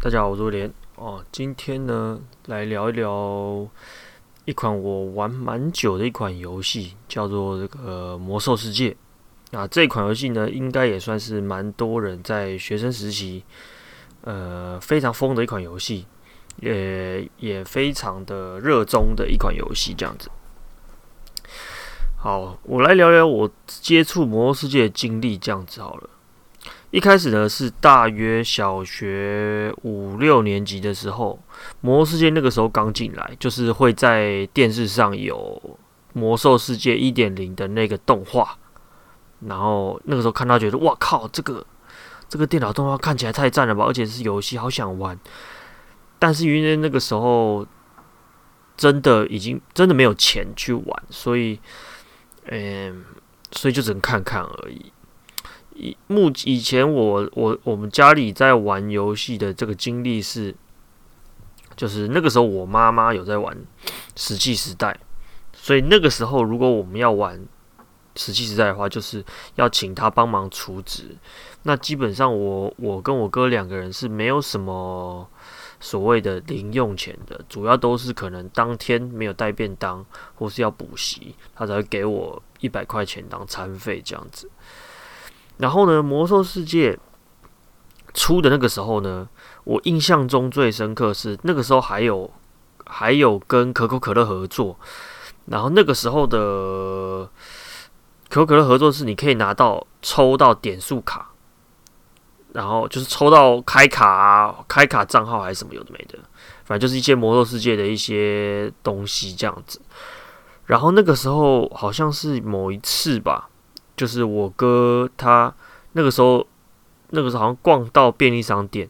大家好，我是威廉哦，今天呢，來聊一聊一款我玩蠻久的一款遊戲，叫做這個《呃、魔獸世界》啊。這款遊戲呢，應該也算是蠻多人在學生時期呃非常瘋的一款遊戲，也也非常的熱衷的一款遊戲。這樣子，好，我來聊聊我接觸《魔獸世界》的經歷，這樣子好了。一開始呢，是大約小學五六年級的時候，《魔獸世界》那個時候剛進來，就是會在電視上有《魔獸世界》一點零的那個動畫，然後那個時候看到覺得，哇靠，這個這個電腦動畫看起來太讚了吧，而且是遊戲，好想玩。但是因為那個時候真的已經真的沒有錢去玩，所以，嗯，所以就只能看看而已。以目以前我我我們家裡在玩遊戲的這個經歷是，就是那個時候我媽媽有在玩《石器時代》，所以那個時候如果我們要玩《石器時代》的話，就是要請他幫忙儲值。那基本上我我跟我哥兩個人是沒有什麼所謂的零用錢的，主要都是可能當天沒有帶便當或是要補習，他才會給我一百塊錢當餐費這樣子。然後呢，《魔獸世界》出的那個時候呢，我印象中最深刻是那個時候還有還有跟可口可樂合作，然後那個時候的可口可樂合作是你可以拿到抽到點數卡，然後就是抽到開卡、開卡賬號還是什麼有的沒的，反正就是一些《魔獸世界》的一些東西這樣子。然後那個時候好像是某一次吧。就是我哥他那個時候，那個時候好像逛到便利商店，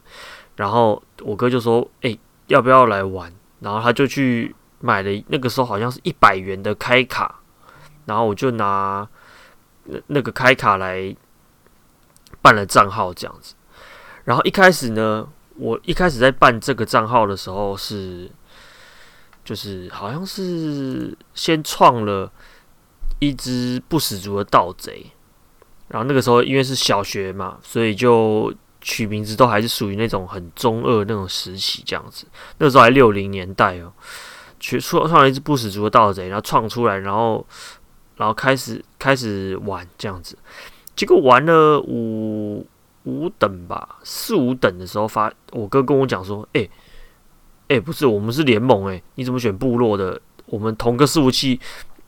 然後我哥就說：“哎、欸，要不要來玩？”然後他就去買了，那個時候好像是一百元的開卡，然後我就拿那那個開卡來辦了賬號這樣子。然後一開始呢，我一開始在辦這個賬號的時候是，就是好像是先創了。一隻不死族的盜賊，然後那個時候因為是小學嘛，所以就取名字都還是屬於那種很中二那種時期這樣子。那個時候還六零年代哦，取創創了一隻不死族的盜賊，然後創出來，然後然後開始開始玩這樣子，結果玩了五五等吧，四五等的時候發，我哥跟我講說，誒誒，不是我們是聯盟誒、欸，你怎麼選部落的？我們同個伺服器。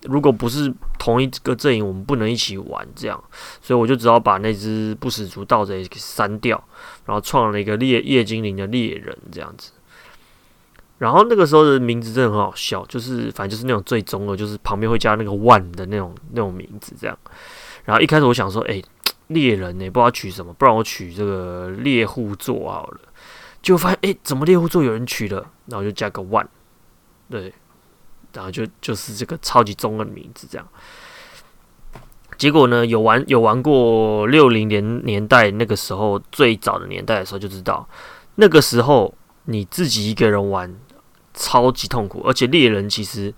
如果不是同一個陣營，我們不能一起玩這樣，所以我就只好把那只不死族盜賊給刪掉，然後創了一個獵夜精靈的獵人這樣子。然後那個時候的名字真的很好笑，就是反正就是那種最終的，就是旁邊會加那個萬的那種那種名字這樣。然後一開始我想說，哎、欸，獵人呢、欸，不知道取什麼，不然我取這個獵戶座好了。就發現，哎、欸，怎麼獵戶座有人取了？然後我就加個萬，對。然後就就是這個超級中文名字這樣，結果呢，有玩有玩過六零年年代那個時候最早的年代的時候就知道，那個時候你自己一個人玩超級痛苦，而且獵人其實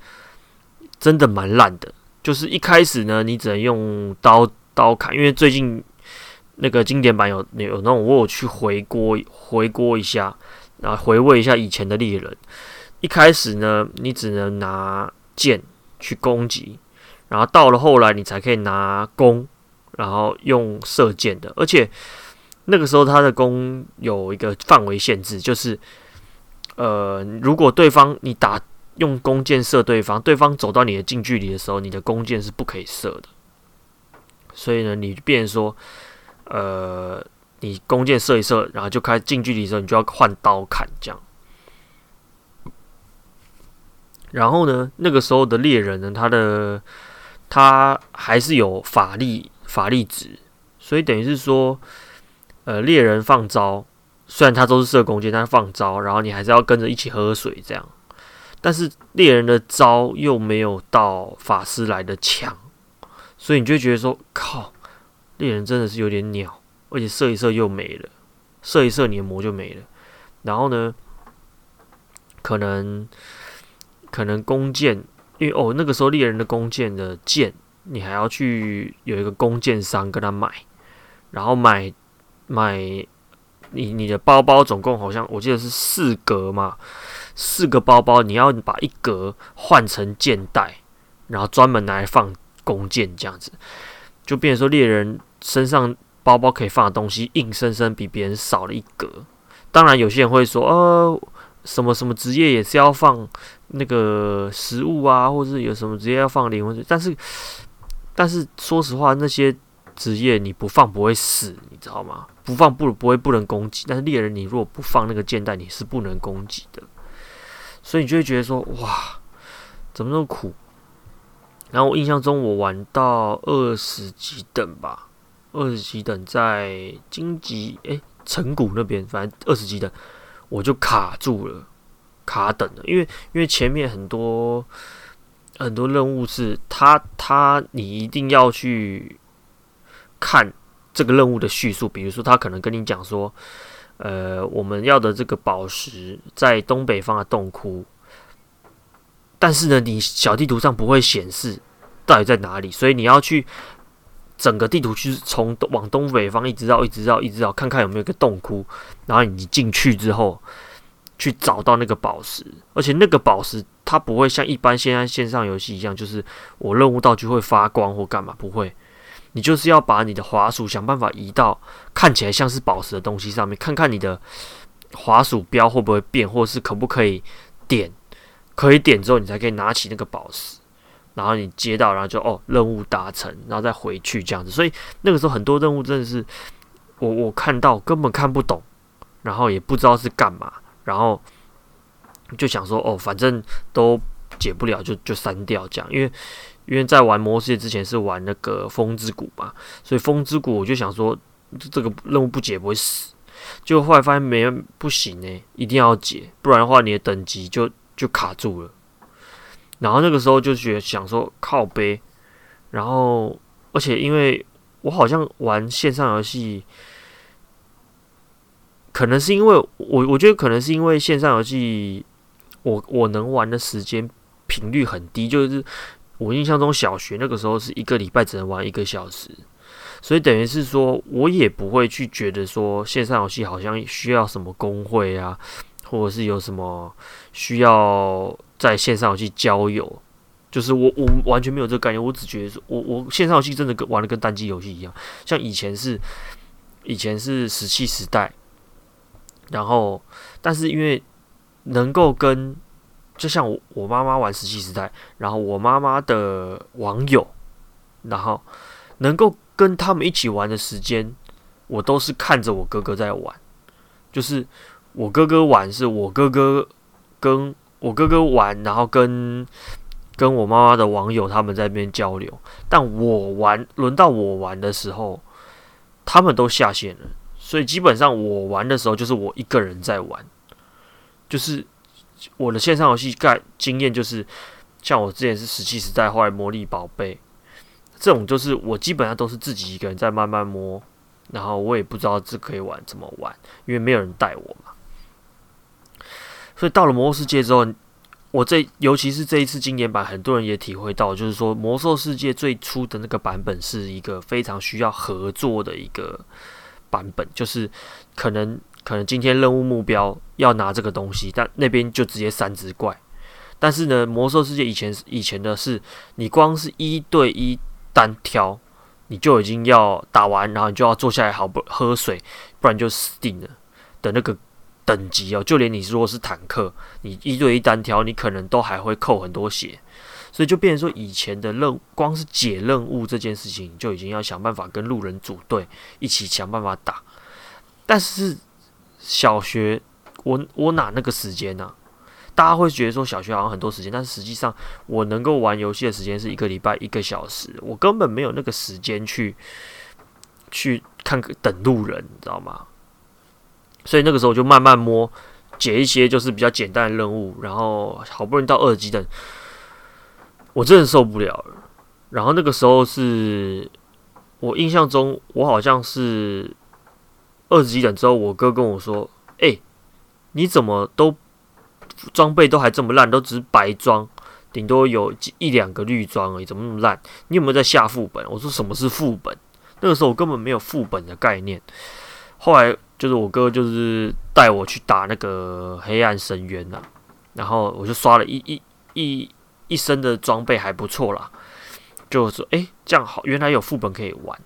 真的蠻爛的，就是一開始呢，你只能用刀刀砍，因為最近那個經典版有有那種，我有去回鍋回鍋一下，然後回味一下以前的獵人。一開始呢，你只能拿劍去攻擊，然後到了後來，你才可以拿弓，然後用射箭的。而且那個時候，他的弓有一個範圍限制，就是，呃，如果對方你打用弓箭射對方，對方走到你的近距離的時候，你的弓箭是不可以射的。所以呢，你變成說，呃，你弓箭射一射，然後就開近距離的時候，你就要換刀砍，這樣。然後呢，那個時候的獵人呢，他的他還是有法力，法力值，所以等於是說，呃，獵人放招，雖然他都是射弓箭，他放招，然後你還是要跟着一起喝水這樣。但是獵人的招又沒有到法師來的強，所以你就會覺得說，靠，獵人真的是有點鳥，而且射一射又沒了，射一射你的魔就沒了。然後呢，可能。可能弓箭，因為哦那個時候獵人的弓箭的箭，你還要去有一個弓箭商跟他買，然後買買你你的包包總共好像我記得是四格嘛，四個包包你要把一格換成箭袋，然後專門拿來放弓箭這樣子，就變成說獵人身上包包可以放的東西硬生生比別人少了一格。當然有些人會說，呃。什麼什麼職業也是要放那個食物啊，或者是有什麼職業要放靈魂？但是，但是說實話，那些職業你不放不會死，你知道嗎？不放不不會不能攻擊。但是獵人你如果不放那個箭袋，你是不能攻擊的。所以你就會覺得說，哇，怎麼那麼苦？然後我印象中，我玩到二十幾等吧，二十幾等在荊棘誒城、欸、谷那邊，反正二十幾等。我就卡住了，卡等了，因為因為前面很多很多任務是他，他他你一定要去看這個任務的敘述，比如說他可能跟你講說，呃，我們要的這個寶石在東北方的洞窟，但是呢，你小地圖上不會顯示到底在哪裡，所以你要去。整個地圖去從往東北方一直繞一直繞一直繞，看看有沒有個洞窟。然後你進去之後，去找到那個寶石。而且那個寶石它不會像一般現在線上遊戲一樣，就是我任務道具會發光或幹嘛，不會。你就是要把你的滑鼠想辦法移到看起來像是寶石的東西上面，看看你的滑鼠標會不會變，或是可不可以點，可以點之後你才可以拿起那個寶石。然後你接到，然後就哦，任務達成，然後再回去這樣子。所以那個時候很多任務真的是我我看到根本看不懂，然後也不知道是幹嘛，然後就想說哦，反正都解不了就就刪掉這樣。因為因為在玩《魔獸世界》之前是玩那個《風之谷》嘛，所以《風之谷》我就想說就這個任務不解不會死，就後來發現沒不行哎、欸，一定要解，不然的話你的等級就就卡住了。然後那個時候就覺得想說靠杯，然後而且因為我好像玩線上遊戲，可能是因為我我覺得可能是因為線上遊戲，我我能玩的時間頻率很低，就是我印象中小學那個時候是一個禮拜只能玩一個小時，所以等於是說我也不會去覺得說，線上遊戲好像需要什麼公會啊，或者是有什麼需要，在線上遊戲交友，就是我我完全沒有這個概念。我只覺得我我線上遊戲真的跟玩的跟單機遊戲一樣。像以前是以前是石器時代，然後但是因為能夠跟就像我我媽媽玩石器時代，然後我媽媽的網友，然後能夠跟他們一起玩的時間，我都是看着我哥哥在玩，就是我哥哥玩是，我哥哥跟。我哥哥玩，然後跟跟我媽媽的網友他們在那邊交流，但我玩輪到我玩的時候，他們都下線了，所以基本上我玩的時候就是我一個人在玩，就是我的線上遊戲概經驗就是，像我之前是《石器時代》，後來《魔力寶貝》，這種就是我基本上都是自己一個人在慢慢摸，然後我也不知道這可以玩怎麼玩，因為沒有人帶我嘛，所以到了《魔獸世界》之後。我這尤其是這一次經典版，很多人也體會到，就是說魔獸世界最初的那個版本是一個非常需要合作的一個版本，就是可能可能今天任務目標要拿這個東西，但那邊就直接三隻怪。但是呢，魔獸世界以前以前的是，你光是一對一單挑，你就已經要打完，然後你就要坐下來好不喝水，不然就死定了的那個。等級哦，就連你如果是坦克，你一對一單挑，你可能都還會扣很多血，所以就變成說，以前的任光是解任務這件事情，就已經要想辦法跟路人組隊一起想辦法打。但是小學，我我哪那個時間呢、啊？大家會覺得說小學好像很多時間，但是實際上我能夠玩遊戲的時間是一個禮拜一個小時，我根本沒有那個時間去去看個等路人，你知道嗎？所以那個時候就慢慢摸，解一些就是比較簡單的任務，然後好不容易到二十幾等，我真的受不了了，然後那個時候是，我印象中我好像是二十幾等之後，我哥跟我說：“哎、欸，你怎麼都裝備都還這麼爛，都只是白裝，頂多有一兩個綠裝而已，怎麼那麼爛？你有沒有在下副本？”我說：“什麼是副本？”那個時候我根本沒有副本的概念。後來。就是我哥，就是帶我去打那個黑暗深淵啦，然後我就刷了一一一一身的裝備，還不錯啦。就說，哎、欸，這樣好，原來有副本可以玩。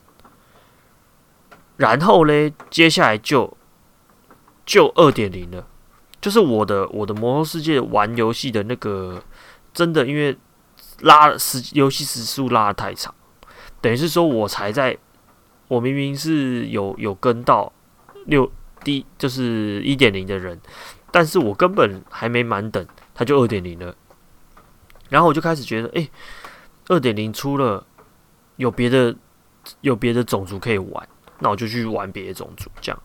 然後嘞，接下來就就二點零了，就是我的我的魔獸世界玩遊戲的那個真的，因為拉時遊戲時速拉得太長，等於是說我才在，我明明是有有跟到。六第就是一點零的人，但是我根本還沒滿等，他就二點零了。然後我就開始覺得，哎、欸，二點零出了，有別的有別的種族可以玩，那我就去玩別的種族。這樣，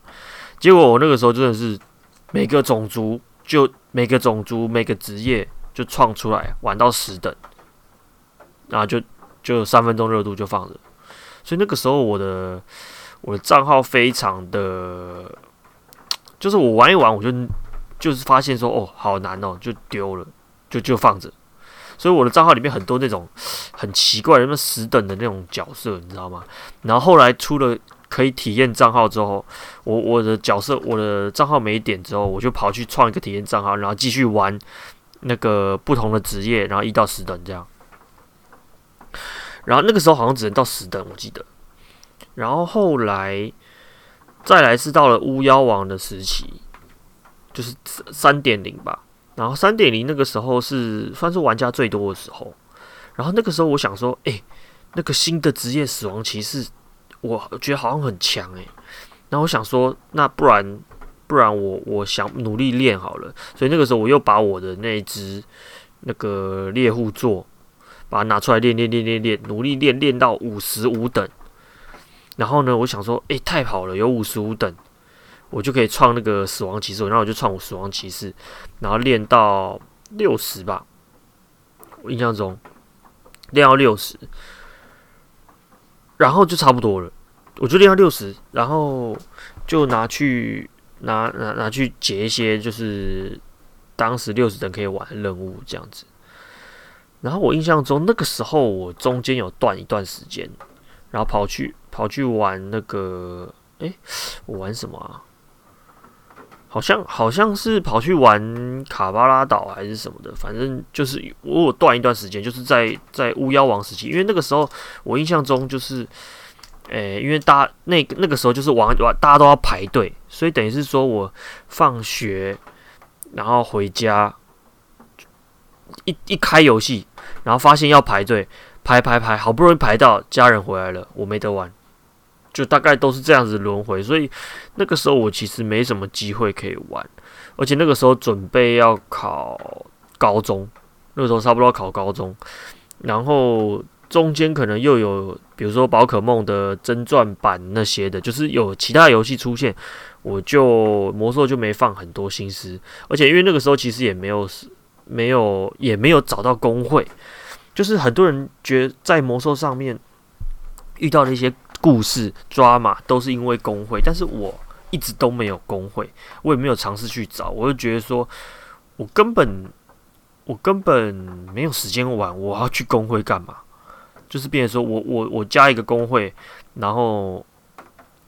結果我那個時候真的是每個種族就每個種族每個職業就創出來玩到十等，然後就就三分鐘熱度就放著。所以那個時候我的。我的賬號非常的，就是我玩一玩，我就就是發現說哦，好難哦，就丟了，就就放着。所以我的賬號裡面很多那種很奇怪，什麼十等的那種角色，你知道嗎？然後後來出了可以體驗賬號之後，我我的角色我的賬號沒點之後，我就跑去創一個體驗賬號，然後繼續玩那個不同的職業，然後一到十等這樣。然後那個時候好像只能到十等，我記得。然後後來再來是到了巫妖王的時期，就是三點零吧。然後三點零那個時候是算是玩家最多的時候。然後那個時候我想說，哎，那個新的職業死亡騎士，我覺得好像很強哎。然後我想說，那不然不然我我想努力練好了。所以那個時候我又把我的那隻那個獵戶座把它拿出來練，練練練練練，努力練練，練到五十五等。然後呢，我想說，誒、欸，太好了，有五十五等，我就可以創那個死亡騎士，然後我就創我死亡騎士，然後練到六十吧，我印象中練到六十，然後就差不多了。我就練到六十，然後就拿去拿拿拿去解一些，就是當時六十等可以玩的任務這樣子。然後我印象中那個時候，我中間有斷一段時間。然後跑去跑去玩那個，哎、欸，我玩什麼啊？好像好像是跑去玩卡巴拉島還是什麼的，反正就是我有斷一段時間，就是在在巫妖王時期。因為那個時候我印象中就是，哎、欸，因為大那個、那個時候就是玩玩，大家都要排隊，所以等於是說我放學然後回家一一開遊戲，然後發現要排隊。排排排，好不容易排到家人回來了，我沒得玩，就大概都是這樣子輪迴。所以那個時候我其實沒什麼機會可以玩，而且那個時候準備要考高中，那個時候差不多要考高中，然後中間可能又有比如說寶可夢的珍鑽版那些的，就是有其他遊戲出現，我就魔獸就沒放很多心思。而且因為那個時候其實也沒有沒有也沒有找到工會。就是很多人覺得在魔獸上面遇到的一些故事、抓馬，都是因為工會。但是我一直都沒有工會，我也沒有嘗試去找。我就覺得說，我根本我根本沒有時間玩，我要去工會幹嘛？就是變成說，我我我加一個工會，然後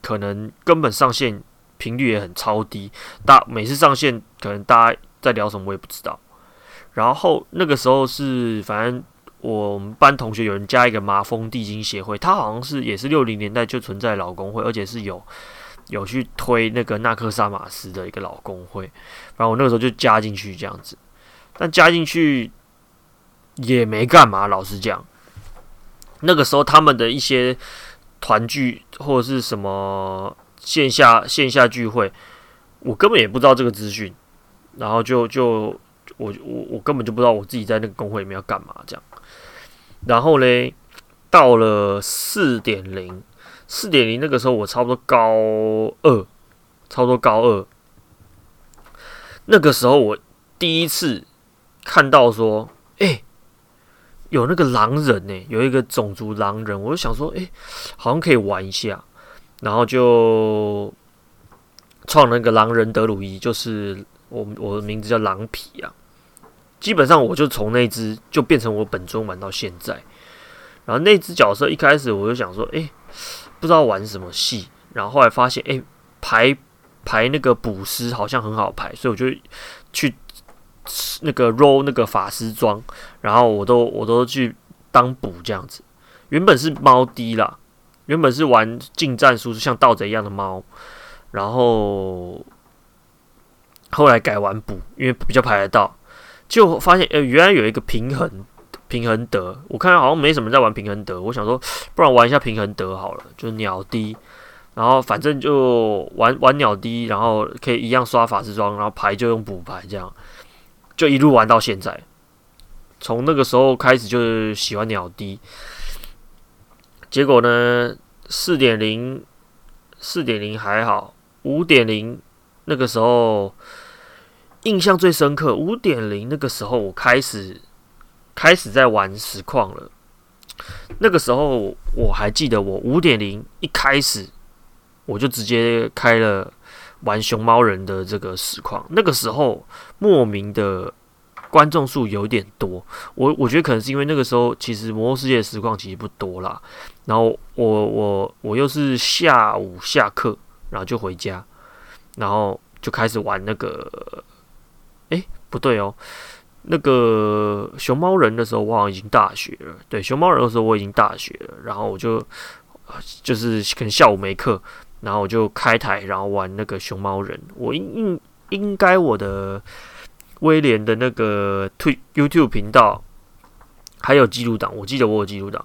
可能根本上線頻率也很超低，大每次上線可能大家在聊什麼我也不知道。然後那個時候是反正。我們班同學有人加一個麻風地精協會，他好像是也是六零年代就存在的老公會，而且是有有去推那個納克薩瑪斯的一個老公會。反正我那個時候就加進去這樣子，但加進去也沒幹嘛，老實講。那個時候他們的一些團聚或者是什麼線下線下聚會，我根本也不知道這個資訊，然後就就我我我根本就不知道我自己在那個公會裡面要幹嘛這樣。然後嘞，到了四點零，四點零那個時候我差不多高二，差不多高二，那個時候我第一次看到說，哎、欸，有那個狼人呢、欸，有一個種族狼人，我就想說，哎、欸，好像可以玩一下，然後就創了個狼人德魯伊，就是我我的名字叫狼皮啊。基本上我就從那隻就變成我本尊玩到現在，然後那隻角色一開始我就想說，哎、欸，不知道玩什麼戲，然後後來發現，哎、欸，排排那個補師好像很好排，所以我就去那個 roll 那個法師裝，然後我都我都去當補這樣子。原本是貓德啦，原本是玩近戰輸出像盜賊一樣的貓，然後後來改玩補，因為比較排得到。就發現，呃，原來有一個平衡平衡德，我看好像沒什麼在玩平衡德，我想說，不然玩一下平衡德好了，就鳥 D，然後反正就玩玩鳥 D，然後可以一樣刷法師裝，然後牌就用補牌這樣，就一路玩到現在，從那個時候開始就喜歡鳥 D，結果呢，四點零四點零還好，五點零那個時候。印象最深刻，五點零那個時候我開始開始在玩實況了。那個時候我還記得，我五點零一開始我就直接開了玩熊貓人的這個實況。那個時候莫名的觀眾數有點多，我我覺得可能是因為那個時候其實《魔獸世界》實況其實不多啦。然後我我我又是下午下課，然後就回家，然後就開始玩那個。不對哦，那個熊貓人的時候，我好像已經大學了。對，熊貓人的時候，我已經大學了。然後我就，就是可能下午沒課，然後我就開台，然後玩那個熊貓人。我應應該我的威廉的那個推 YouTube 頻道還有記錄檔，我記得我有記錄檔。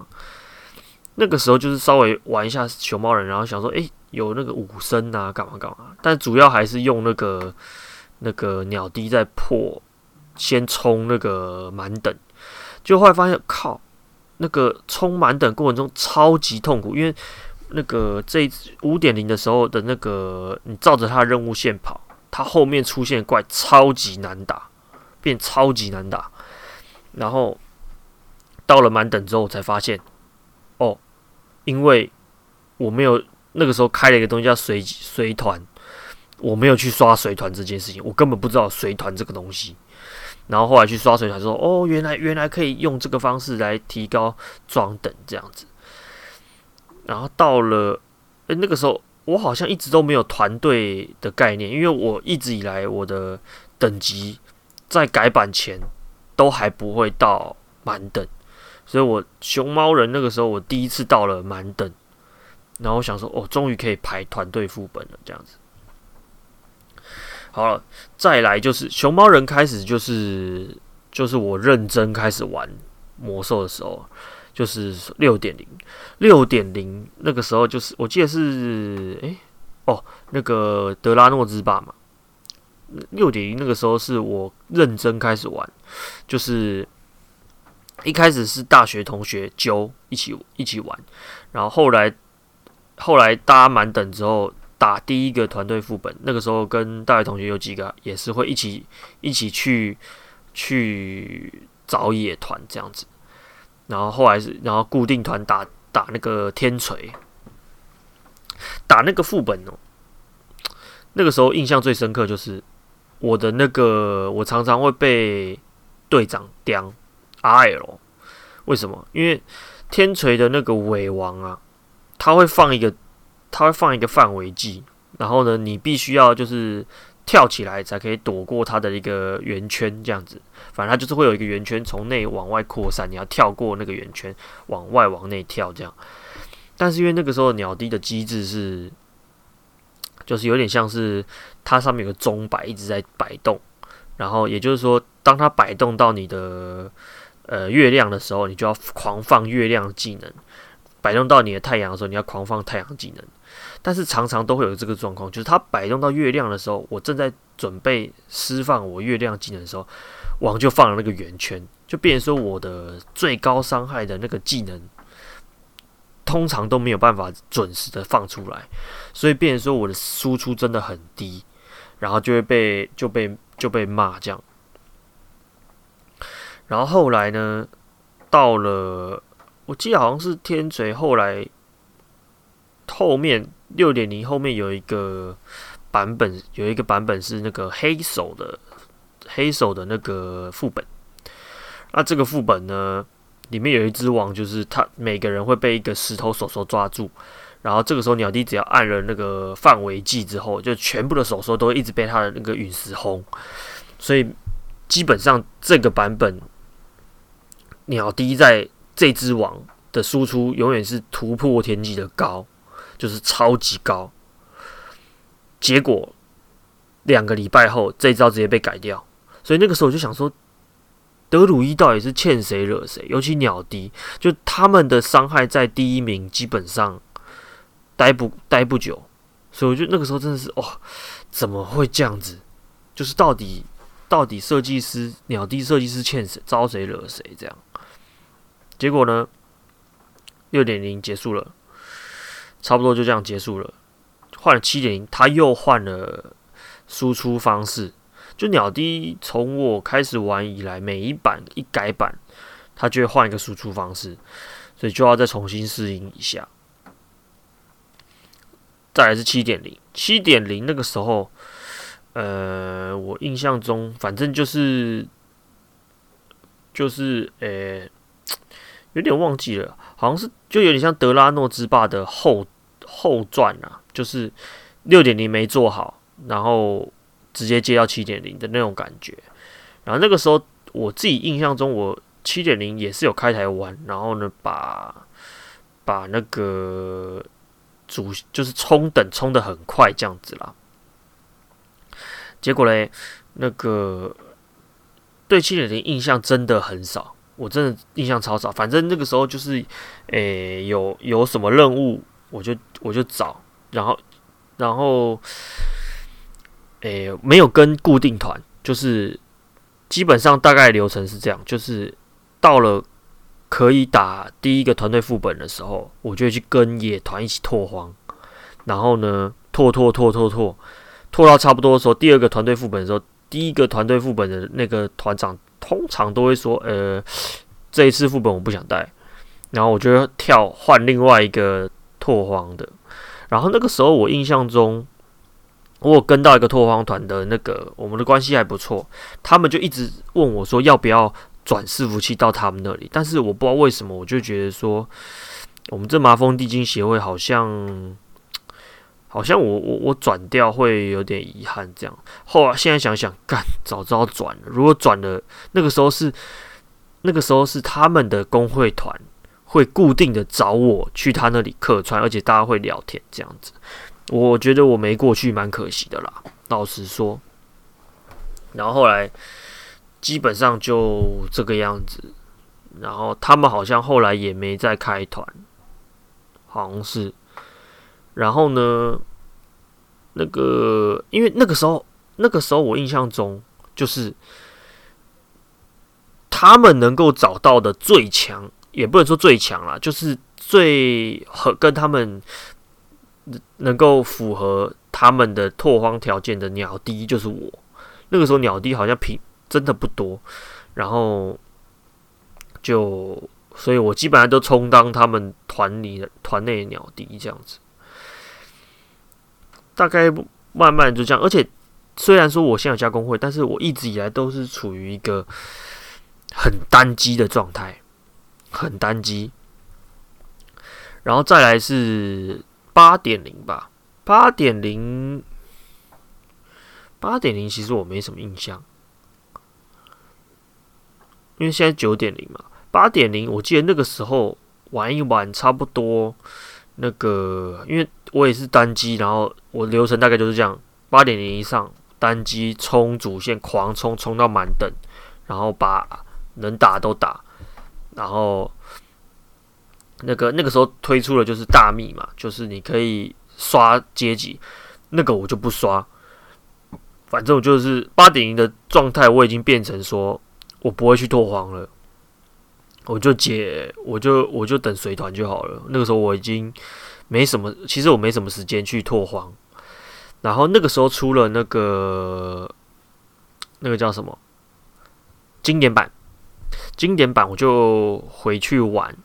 那個時候就是稍微玩一下熊貓人，然後想說，誒，有那個武僧啊，幹嘛幹嘛。但主要還是用那個。那個鳥滴在破，先衝那個滿等，就後來發現靠，那個衝滿等過程中超級痛苦，因為那個這一次五點零的時候的那個你照着它的任務線跑，它後面出現怪超級難打，變超級難打，然後到了滿等之後我才發現，哦，因為我沒有那個時候開了一個東西叫隨隨團。我沒有去刷隨團這件事情，我根本不知道隨團這個東西。然後後來去刷隨團，說哦，原來原來可以用這個方式來提高裝等這樣子。然後到了誒、欸、那個時候我好像一直都沒有團隊的概念，因為我一直以來我的等級在改版前都還不會到滿等，所以我熊貓人那個時候我第一次到了滿等，然後我想說哦，終於可以排團隊副本了這樣子。好了，再來就是熊貓人開始，就是就是我認真開始玩魔獸的時候，就是六點零，六點零那個時候就是，我記得是哎、欸、哦那個德拉諾之霸嘛，六點零那個時候是我認真開始玩，就是一開始是大學同學揪一起一起玩，然後後來後來大家滿等之後。打第一個團隊副本，那個時候跟大學同學有幾個、啊、也是會一起一起去去找野團這樣子，然後後來是然後固定團打打那個天錘，打那個副本哦、喔。那個時候印象最深刻就是我的那個我常常會被隊長丟 RL，為什麼？因為天錘的那個尾王啊，他會放一個。它會放一個範圍技，然後呢，你必須要就是跳起來才可以躲過它的一個圓圈，這樣子。反正它就是會有一個圓圈從內往外擴散，你要跳過那個圓圈，往外往內跳這樣。但是因為那個時候鳥滴的機制是，就是有點像是它上面有個鐘擺一直在擺動，然後也就是說，當它擺動到你的呃月亮的時候，你就要狂放月亮技能；擺動到你的太陽的時候，你要狂放太陽技能。但是常常都會有這個狀況，就是他擺動到月亮的時候，我正在準備釋放我月亮技能的時候，王就放了那個圓圈，就變成說我的最高傷害的那個技能，通常都沒有辦法準時的放出來，所以變成說我的輸出真的很低，然後就會被就被就被罵這樣。然後後來呢，到了我記得好像是天錘後來後面。六點零後面有一個版本，有一個版本是那個黑手的黑手的那個副本。那這個副本呢，裡面有一隻王，就是他每個人會被一個石頭手手抓住，然後這個時候鳥弟只要按了那個範圍技之後，就全部的手手都一直被他的那個隕石轟，所以基本上這個版本鳥弟在這隻王的輸出永遠是突破天際的高。就是超級高，結果兩個禮拜後，這一招直接被改掉。所以那個時候我就想說，德魯伊到底是欠誰惹誰？尤其鳥迪，就他們的傷害在第一名，基本上待不待不久。所以我覺得那個時候真的是哦，怎麼會這樣子？就是到底到底設計師鳥迪設計師欠誰招誰惹誰這樣？結果呢，六點零結束了。差不多就這樣結束了，換了七點零，他又換了輸出方式。就鳥德從我開始玩以來，每一版一改版，他就會換一個輸出方式，所以就要再重新適應一下。再來是七點零，七點零那個時候，呃，我印象中反正就是就是誒。欸有點忘記了，好像是就有點像德拉諾之霸的後後傳啊，就是六點零沒做好，然後直接接到七點零的那種感覺。然後那個時候我自己印象中，我七點零也是有開台玩，然後呢把把那個主就是衝等衝得很快這樣子啦。結果嘞，那個對七點零印象真的很少。我真的印象超少，反正那個時候就是，誒、欸，有有什麼任務我就我就找，然後然後，誒、欸，沒有跟固定團，就是基本上大概流程是這樣，就是到了可以打第一個團隊副本的時候，我就去跟野團一起拓荒，然後呢拓拓拓拓拓，拓到差不多的時候，第二個團隊副本的時候，第一個團隊副本的那個團長。通常都會說，呃，這一次副本我不想帶，然後我就跳換另外一個拓荒的，然後那個時候我印象中，我跟到一個拓荒團的那個，我們的關係還不錯，他們就一直問我說要不要轉伺服器到他們那裡，但是我不知道為什麼，我就覺得說，我們這麻風地精協會好像。好像我我我轉掉會有點遺憾，這樣。後來現在想想，幹早知道轉了，如果轉了，那個時候是那個時候是他們的工會團會固定的找我去他那裡客串，而且大家會聊天這樣子。我覺得我沒過去蠻可惜的啦，老實說。然後後來基本上就這個樣子。然後他們好像後來也沒再開團，好像是。然後呢，那個，因為那個時候，那個時候我印象中，就是他們能夠找到的最強，也不能說最強啦，就是最和跟他們能夠符合他們的拓荒條件的鳥德就是我。那個時候鳥德好像平真的不多，然後就，所以我基本上都充當他們團裡的團內的鳥德這樣子。大概慢慢就這樣，而且雖然說我現在有加公會，但是我一直以來都是處於一個很單機的狀態，很單機。然後再來是八點零吧，八點零，八點零其實我沒什麼印象，因為現在九點零嘛，八點零我記得那個時候玩一玩差不多。那個，因為我也是單機，然後我流程大概就是這樣：八點零以上單機衝主線，狂衝衝到滿等，然後把能打都打，然後那個那個時候推出的就是大秘嘛，就是你可以刷階級，那個我就不刷，反正我就是八點零的狀態，我已經變成說我不會去拓荒了。我就解，我就我就等隨團就好了。那個時候我已經沒什麼，其實我沒什麼時間去拓荒。然後那個時候出了那個那個叫什麼經典版，經典版我就回去玩。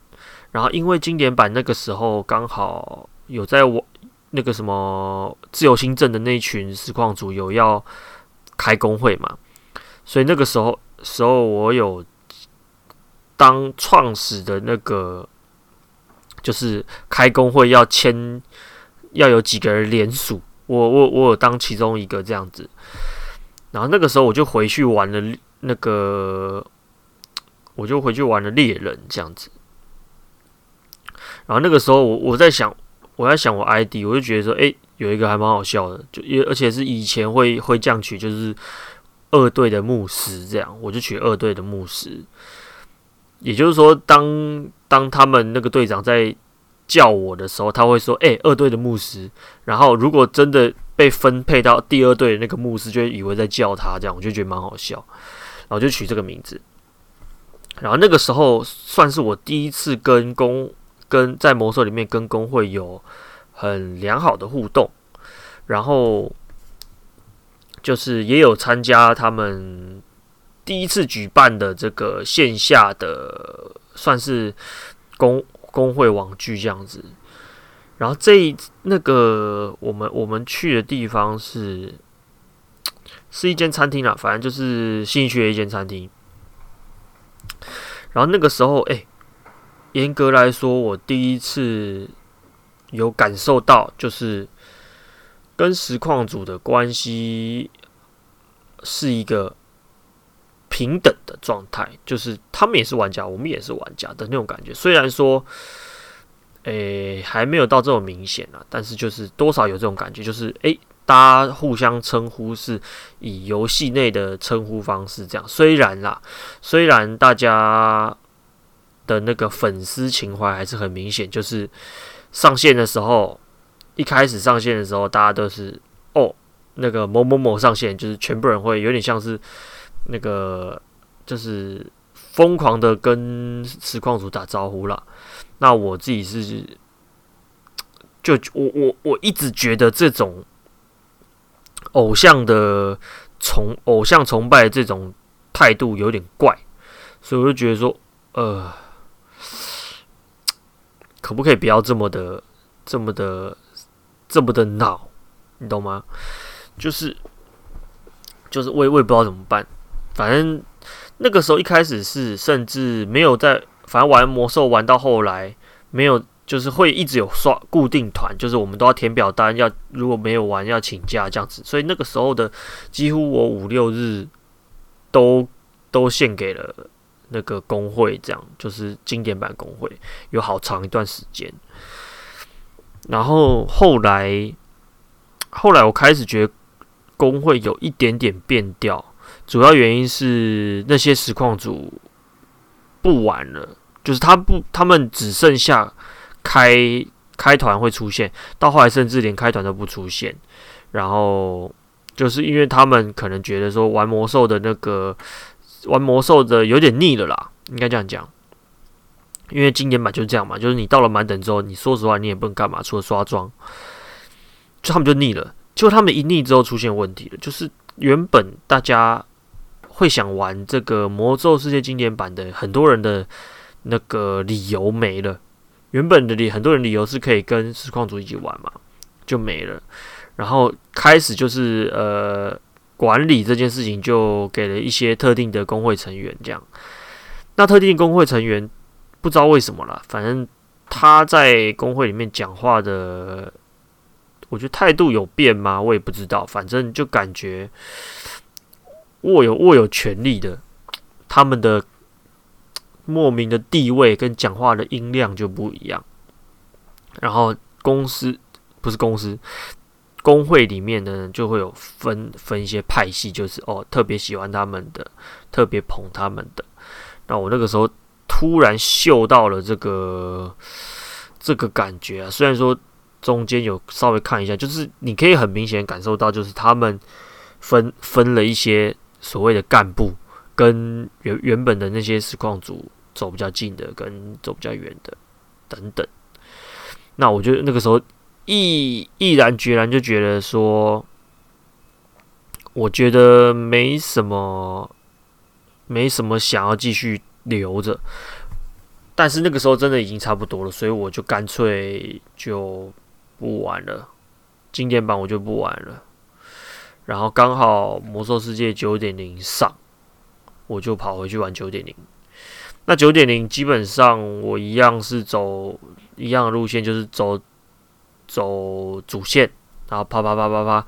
然後因為經典版那個時候剛好有在我那個什麼自由新鎮的那群實況組有要開工會嘛，所以那個時候時候我有。當創始的那個，就是開工會要簽，要有幾個人聯署，我我我有當其中一個這樣子。然後那個時候我就回去玩了那個，我就回去玩了獵人這樣子。然後那個時候我我在想，我在想我 ID，我就覺得說，誒、欸，有一個還蠻好笑的，就因為而且是以前會會這樣取，就是二隊的牧師這樣，我就取二隊的牧師。也就是說當，當當他們那個隊長在叫我的時候，他會說：“哎、欸，二隊的牧師。”然後如果真的被分配到第二隊的那個牧師，就以為在叫他，這樣我就覺得蠻好笑，然後就取這個名字。然後那個時候算是我第一次跟公跟在魔獸裡面跟公會有很良好的互動，然後就是也有參加他們。第一次舉辦的這個線下的算是公工，公會網聚，這樣子，然後這一那個我們我們去的地方是是一間餐廳啊，反正就是信義區的一間餐廳。然後那個時候，哎、欸，嚴格來說，我第一次有感受到，就是跟實況主的關係是一個。平等的狀態，就是他們也是玩家，我們也是玩家的那種感覺。雖然說，誒，還沒有到這種明顯啊，但是就是多少有這種感覺，就是誒，大家互相稱呼是以遊戲內的稱呼方式這樣。雖然啦，雖然大家的那個粉絲情懷還是很明顯，就是上線的時候，一開始上線的時候，大家都是哦，那個某某某上線，就是全部人會有點像是。那個就是瘋狂的跟實況主打招呼了。那我自己是就，就我我我一直覺得這種偶像的崇偶像崇拜的這種態度有點怪，所以我就覺得說，呃，可不可以不要這麼的、這麼的、這麼的鬧？你懂嗎？就是就是，我我也不知道怎麼辦。反正那個時候一開始是甚至沒有在，反正玩魔獸玩到後來沒有，就是會一直有刷固定團，就是我們都要填表單，要如果沒有玩要請假這樣子，所以那個時候的幾乎我五六日都都獻給了那個工會，這樣就是經典版工會有好長一段時間。然後後來後來我開始覺得工會有一點點變調。主要原因是那些實況主不玩了，就是他不，他們只剩下開開團會出現，到後來甚至連開團都不出現，然後就是因為他們可能覺得說玩魔獸的那個玩魔獸的有點膩了啦，應該這樣講，因為經典版就是這樣嘛，就是你到了滿等之後，你說實話你也不能幹嘛，除了刷裝，就他們就膩了，就他們一膩之後出現問題了，就是原本大家。會想玩這個《魔獸世界》經典版的很多人的那個理由沒了，原本的理很多人理由是可以跟實況主一起玩嘛，就沒了。然後開始就是呃，管理這件事情就給了一些特定的工會成員這樣。那特定工會成員不知道為什麼了，反正他在工會裡面講話的，我覺得態度有變嗎？我也不知道，反正就感覺。握有握有權力的，他們的莫名的地位跟講話的音量就不一樣。然後公司不是公司，公會裡面的人就會有分分一些派系，就是哦特別喜歡他們的，特別捧他們的。那我那個時候突然嗅到了這個這個感覺啊，雖然說中間有稍微看一下，就是你可以很明顯感受到，就是他們分分了一些。所謂的幹部跟原原本的那些實況組走比較近的，跟走比較遠的等等，那我就那個時候毅毅然決然就覺得說，我覺得沒什麼，沒什麼想要繼續留着。但是那個時候真的已經差不多了，所以我就乾脆就不玩了，經典版我就不玩了。然後剛好《魔獸世界》九點零上，我就跑回去玩九點零。那九點零基本上我一樣是走一樣的路線，就是走走主線，然後啪啪啪啪啪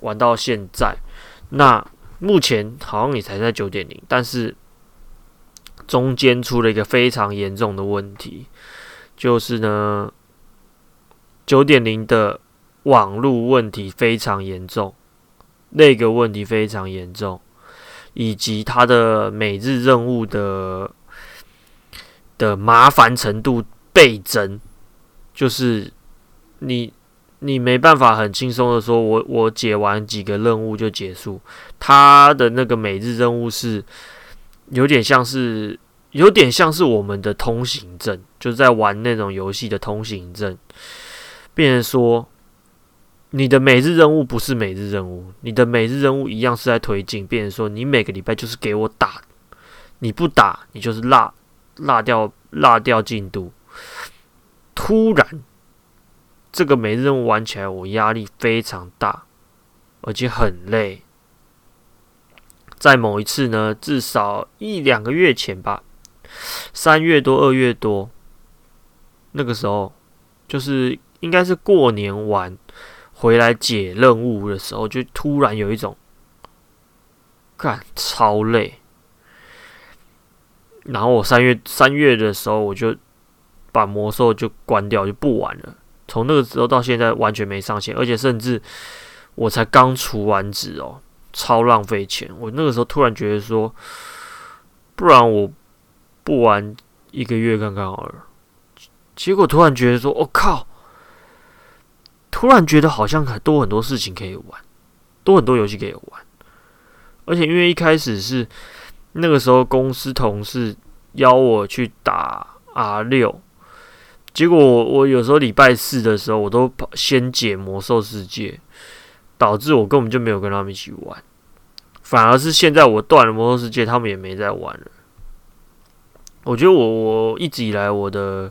玩到現在。那目前好像也才在九點零，但是中間出了一個非常嚴重的問題，就是呢九點零的網路問題非常嚴重。那個問題非常嚴重，以及他的每日任務的的麻煩程度倍增，就是你你沒辦法很輕鬆的說，我我解完幾個任務就結束。他的那個每日任務是有點像是有點像是我們的通行證，就在玩那種遊戲的通行證。變成說。你的每日任務不是每日任務，你的每日任務一樣是在推進。變成說你每個禮拜就是給我打，你不打你就是落落掉落掉進度。突然，這個每日任務玩起來，我壓力非常大，而且很累。在某一次呢，至少一兩個月前吧，三月多二月多，那個時候就是應該是過年玩。回來解任務的時候，就突然有一種幹，超累。然後我三月三月的時候，我就把魔獸就關掉，就不玩了。從那個時候到現在，完全沒上線，而且甚至我才剛除完職哦，超浪費錢。我那個時候突然覺得說，不然我不玩一個月剛剛好了。結果突然覺得說，我、哦、靠！突然覺得好像很多很多事情可以玩，多很多遊戲可以玩，而且因為一開始是那個時候公司同事邀我去打 R 六，結果我有時候禮拜四的時候我都跑先解魔獸世界，導致我根本就沒有跟他們一起玩，反而是現在我斷了魔獸世界，他們也沒在玩了。我覺得我我一直以來我的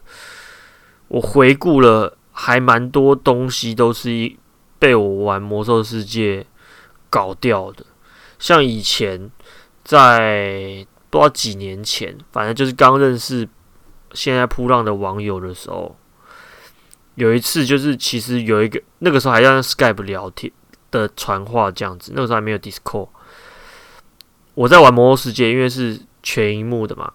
我回顧了。還蠻多東西都是被我玩《魔獸世界》搞掉的，像以前在不知道幾年前，反正就是剛認識現在噗浪的網友的時候，有一次就是其實有一個那個時候還在用 Skype 聊天的傳話這樣子，那個時候還沒有 Discord，我在玩《魔獸世界》，因為是全螢幕的嘛，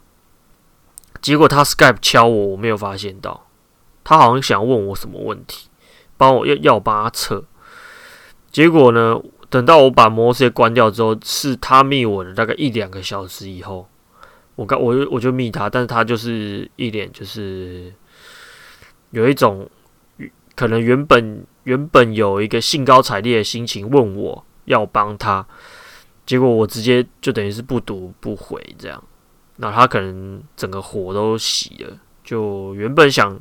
結果他 Skype 敲我，我沒有發現到。他好像想問我什麼問題，幫我要要我幫他撤。結果呢，等到我把魔獸世界關掉之後，是他密我的，大概一兩個小時以後，我剛我我就密他，但是他就是一臉就是有一種可能原本原本有一個興高采烈的心情問我要幫他，結果我直接就等於是不讀不回這樣，那他可能整個火都熄了，就原本想。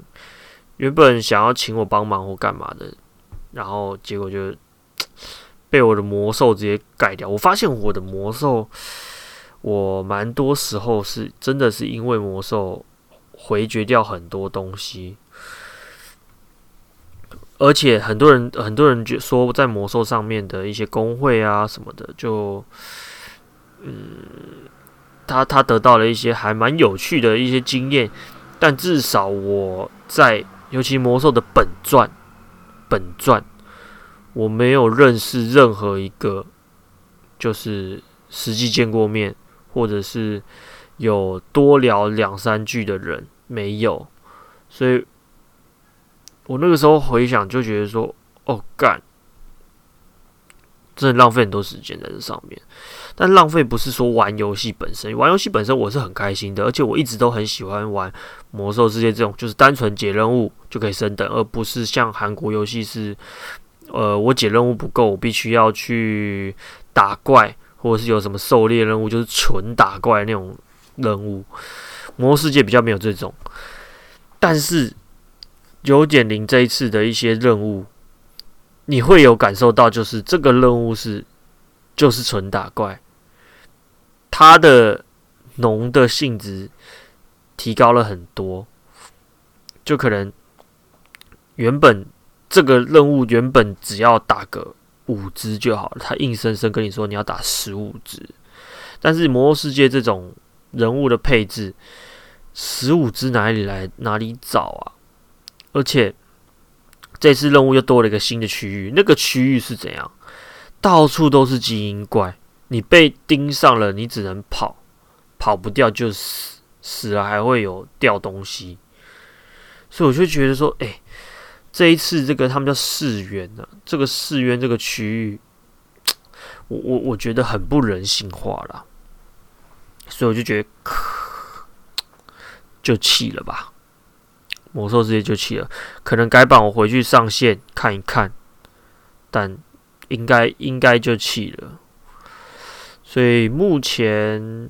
原本想要請我幫忙或幹嘛的，然後結果就被我的魔獸直接蓋掉。我發現我的魔獸，我蠻多時候是真的是因為魔獸回絕掉很多東西，而且很多人很多人就說在魔獸上面的一些公會啊什麼的，就嗯，他他得到了一些還蠻有趣的一些經驗，但至少我在。尤其魔獸的本傳，本傳，我沒有認識任何一個，就是實際見過面，或者是有多聊兩三句的人，沒有，所以，我那個時候回想就覺得說，哦，幹。真的浪費很多時間在這上面，但浪費不是說玩遊戲本身，玩遊戲本身我是很開心的，而且我一直都很喜歡玩《魔獸世界》這種，就是單純解任務就可以升等，而不是像韓國遊戲是，呃，我解任務不夠，我必須要去打怪，或者是有什麼狩獵任務，就是純打怪那種任務，《魔獸世界》比較沒有這種，但是九點零這一次的一些任務，你會有感受到，就是這個任務是，就是純打怪，他的農的性質提高了很多，就可能原本這個任務原本只要打個五隻就好了，他硬生生跟你說你要打十五隻，但是《魔獸世界》這種人物的配置，十五隻哪裡來哪裡找啊？而且。這次任務又多了一個新的區域，那個區域是怎樣？到處都是精英怪，你被盯上了，你只能跑，跑不掉就死，死了還會有掉東西。所以我就覺得說，哎、欸，這一次這個他們叫噬淵呢、啊，這個噬淵這個區域，我我我覺得很不人性化了，所以我就覺得，就氣了吧。魔獸世界就起了，可能改版我回去上線看一看，但應該應該就起了。所以目前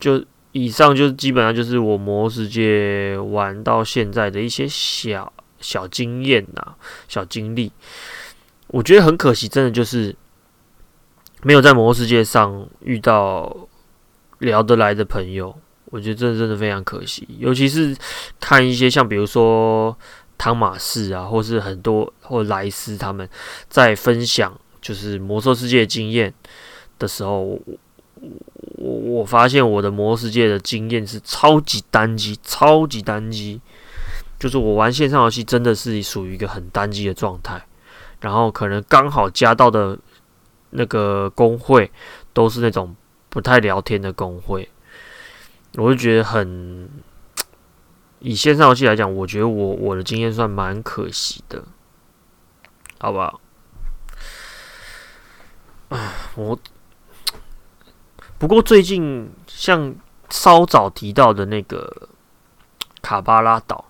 就以上就是基本上就是我魔獸世界玩到現在的一些小小經驗啊，小經歷。我覺得很可惜，真的就是沒有在魔獸世界上遇到聊得來的朋友。我覺得這真，真的非常可惜，尤其是看一些像比如說湯瑪士啊，或是很多或萊斯他們在分享就是魔獸世界經驗的時候，我我我發現我的魔獸世界的經驗是超級單機，超級單機，就是我玩線上遊戲真的是屬於一個很單機的狀態，然後可能剛好加到的那個工會都是那種不太聊天的工會。我就覺得很，以線上遊戲來講，我覺得我我的經驗算蠻可惜的，好不好？唉，我不過最近像稍早提到的那個卡巴拉島，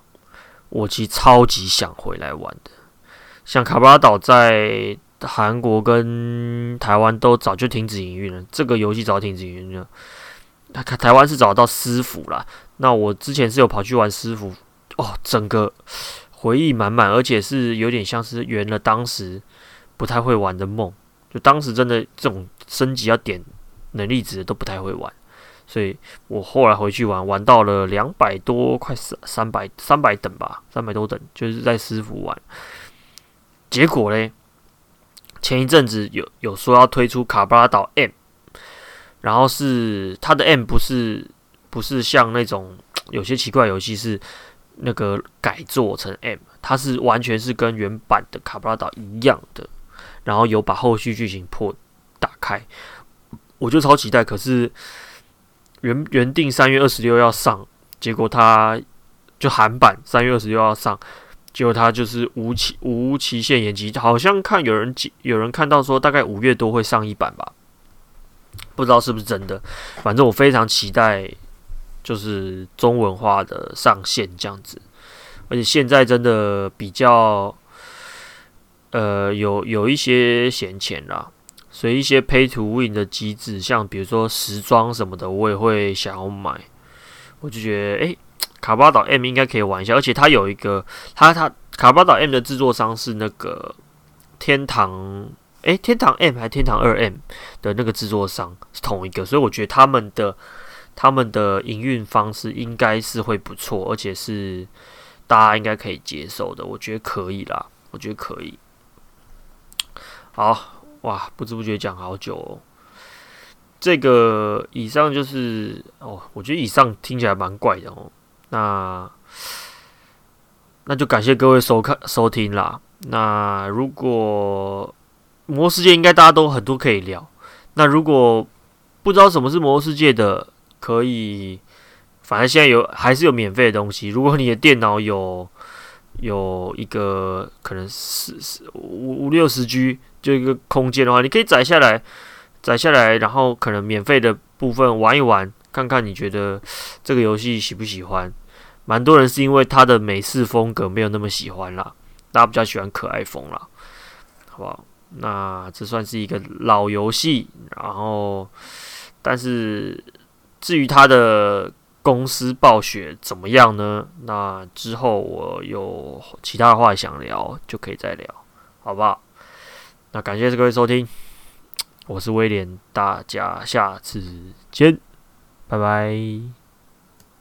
我其實超級想回來玩的。像卡巴拉島在韓國跟台灣都早就停止營運了，這個遊戲早停止營運了。台台灣是找到私服啦，那我之前是有跑去玩私服，哦，整個回憶滿滿，而且是有點像是圓了當時不太會玩的夢，就當時真的這種升級要點能力值的都不太會玩，所以我後來回去玩，玩到了兩百多，快三三百三百等吧，三百多等，就是在私服玩，結果嘞，前一陣子有有說要推出卡巴拉島 M。然後是它的 M，不是不是像那種有些奇怪的遊戲是那個改做成 M，它是完全是跟原版的卡巴拉島一樣的。然後有把後續劇情破打開，我就超期待。可是原原定三月二十六要上，結果它就韓版三月二十六要上，結果它就是無期無期限延期。好像看有人有人看到說大概五月多會上一版吧。不知道是不是真的，反正我非常期待，就是中文化的上線這樣子。而且現在真的比較，呃，有有一些閒錢啦，所以一些 pay to win 的機制，像比如說時裝什麼的，我也會想要買。我就覺得，誒、欸，卡巴拉島 M 應該可以玩一下，而且它有一個，它它卡巴拉島 M 的製作商是那個天堂。誒、欸，天堂 M 還天堂二 M 的那個制作商是同一個，所以我覺得他們的他們的營運方式應該是會不錯，而且是大家應該可以接受的。我覺得可以啦，我覺得可以。好哇，不知不覺講好久哦。這個以上就是哦，我覺得以上聽起來蠻怪的哦。那那就感謝各位收看收聽啦。那如果魔獸世界應該大家都很多可以聊。那如果不知道什麼是魔獸世界的，可以反正現在有還是有免費的東西。如果你的電腦有有一個可能是是五五六十 G 就一個空間的話，你可以載下來載下來，然後可能免費的部分玩一玩，看看你覺得這個遊戲喜不喜歡。蠻多人是因為它的美式風格沒有那麼喜歡啦，大家比較喜歡可愛風啦，好不好？那這算是一個老遊戲，然後，但是至於他的公司暴雪怎麼樣呢？那之後我有其他話想聊，就可以再聊，好不好？那感謝各位收聽，我是威廉，大家下次見，拜拜。